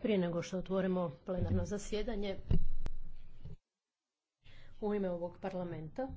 prije nego što otvorimo plenarno zasjedanje u ime ovog parlamenta